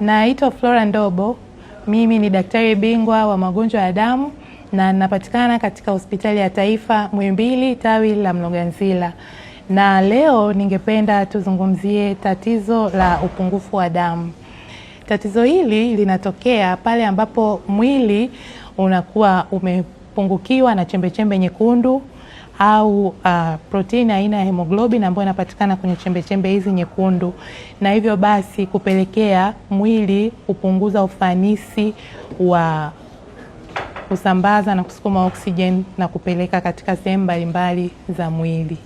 Naitwa Flora Ndobo. Mimi ni daktari bingwa wa magonjwa ya damu na napatikana katika hospitali ya taifa Muhimbili tawi la Mloganzila, na leo ningependa tuzungumzie tatizo la upungufu wa damu. Tatizo hili linatokea pale ambapo mwili unakuwa umepungukiwa na chembechembe nyekundu au uh, protini aina ya hemoglobin ambayo inapatikana kwenye chembechembe hizi nyekundu, na hivyo basi kupelekea mwili kupunguza ufanisi wa kusambaza na kusukuma oksijeni na kupeleka katika sehemu mbalimbali za mwili.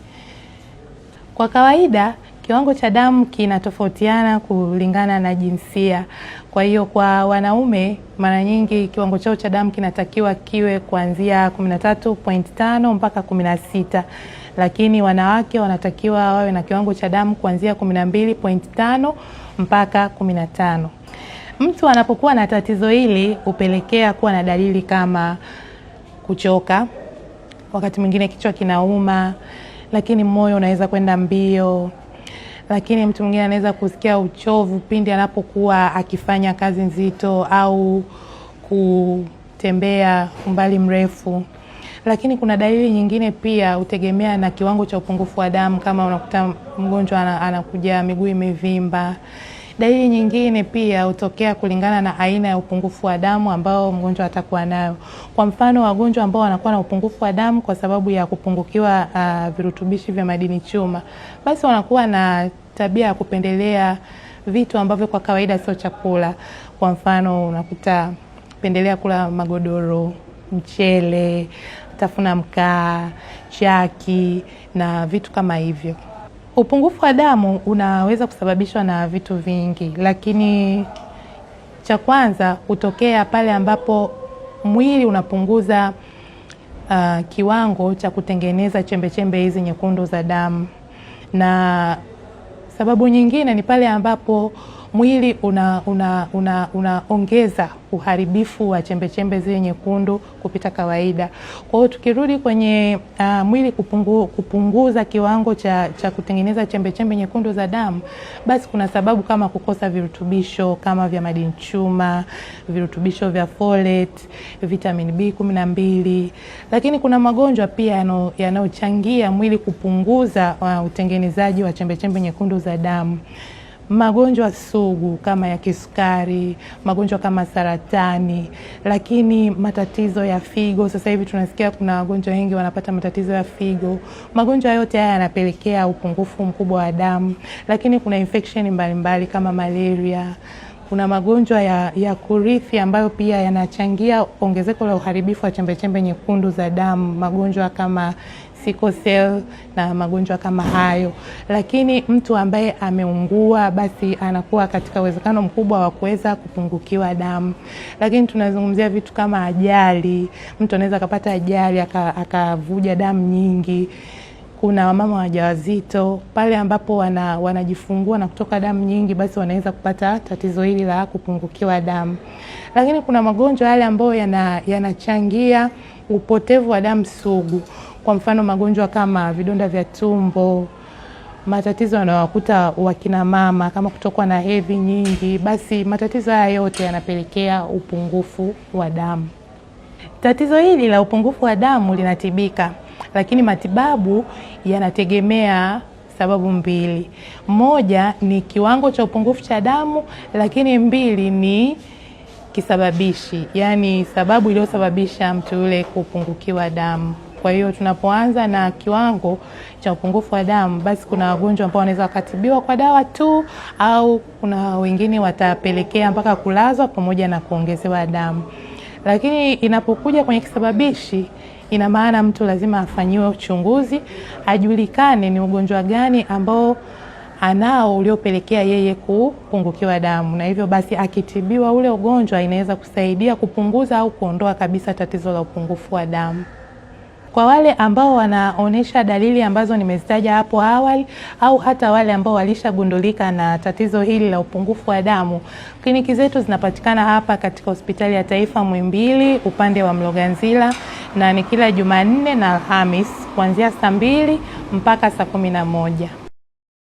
Kwa kawaida Kiwango cha damu kinatofautiana kulingana na jinsia. Kwa hiyo kwa wanaume mara nyingi kiwango chao cha damu kinatakiwa kiwe kuanzia 13.5 mpaka 16, lakini wanawake wanatakiwa wawe na kiwango cha damu kuanzia 12.5 mpaka 15. Mtu anapokuwa na tatizo hili hupelekea kuwa na dalili kama kuchoka, wakati mwingine kichwa kinauma, lakini moyo unaweza kwenda mbio lakini mtu mwingine anaweza kusikia uchovu pindi anapokuwa akifanya kazi nzito au kutembea umbali mrefu. Lakini kuna dalili nyingine pia hutegemea na kiwango cha upungufu wa damu, kama unakuta mgonjwa anakuja miguu imevimba Dalili nyingine pia hutokea kulingana na aina ya upungufu wa damu ambao mgonjwa atakuwa nayo. Kwa mfano, wagonjwa ambao wanakuwa na upungufu wa damu kwa sababu ya kupungukiwa uh, virutubishi vya madini chuma, basi wanakuwa na tabia ya kupendelea vitu ambavyo kwa kawaida sio chakula. Kwa mfano, unakuta pendelea kula magodoro, mchele, tafuna mkaa, chaki na vitu kama hivyo. Upungufu wa damu unaweza kusababishwa na vitu vingi, lakini cha kwanza hutokea pale ambapo mwili unapunguza uh, kiwango cha kutengeneza chembechembe hizi nyekundu za damu, na sababu nyingine ni pale ambapo mwili unaongeza una, una, una uharibifu wa chembechembe zile nyekundu kupita kawaida. Kwa hiyo tukirudi kwenye uh, mwili kupungu, kupunguza kiwango cha, cha kutengeneza chembechembe nyekundu za damu, basi kuna sababu kama kukosa virutubisho kama vya madini chuma, virutubisho vya folate, vitamin B kumi na mbili, lakini kuna magonjwa pia yanayochangia mwili kupunguza uh, utengenezaji wa chembechembe nyekundu za damu magonjwa sugu kama ya kisukari, magonjwa kama saratani, lakini matatizo ya figo. Sasa hivi tunasikia kuna wagonjwa wengi wanapata matatizo ya figo. Magonjwa yote haya yanapelekea upungufu mkubwa wa damu, lakini kuna infection mbalimbali mbali kama malaria kuna magonjwa ya, ya kurithi ambayo pia yanachangia ongezeko la uharibifu wa chembechembe nyekundu za damu, magonjwa kama sickle cell na magonjwa kama hayo. Lakini mtu ambaye ameungua basi anakuwa katika uwezekano mkubwa wa kuweza kupungukiwa damu. Lakini tunazungumzia vitu kama ajali, mtu anaweza akapata ajali akavuja damu nyingi kuna wamama wajawazito pale ambapo wana, wanajifungua na kutoka damu nyingi, basi wanaweza kupata tatizo hili la kupungukiwa damu. Lakini kuna magonjwa yale ambayo yanachangia yana upotevu wa damu sugu, kwa mfano magonjwa kama vidonda vya tumbo, matatizo yanayowakuta wakina mama kama kutokwa na hedhi nyingi, basi matatizo haya yote yanapelekea upungufu wa damu. Tatizo hili la upungufu wa damu linatibika lakini matibabu yanategemea sababu mbili. Moja ni kiwango cha upungufu cha damu, lakini mbili ni kisababishi, yaani sababu iliyosababisha mtu yule kupungukiwa damu. Kwa hiyo tunapoanza na kiwango cha upungufu wa damu, basi kuna wagonjwa ambao wanaweza wakatibiwa kwa dawa tu, au kuna wengine watapelekea mpaka kulazwa pamoja na kuongezewa damu. Lakini inapokuja kwenye kisababishi ina maana mtu lazima afanyiwe uchunguzi, ajulikane ni ugonjwa gani ambao anao uliopelekea yeye kupungukiwa damu, na hivyo basi akitibiwa ule ugonjwa inaweza kusaidia kupunguza au kuondoa kabisa tatizo la upungufu wa damu. Kwa wale ambao wanaonyesha dalili ambazo nimezitaja hapo awali au hata wale ambao walishagundulika na tatizo hili la upungufu wa damu, kliniki zetu zinapatikana hapa katika hospitali ya taifa Muhimbili upande wa Mloganzila na ni kila Jumanne na Alhamis kuanzia saa mbili mpaka saa kumi na moja.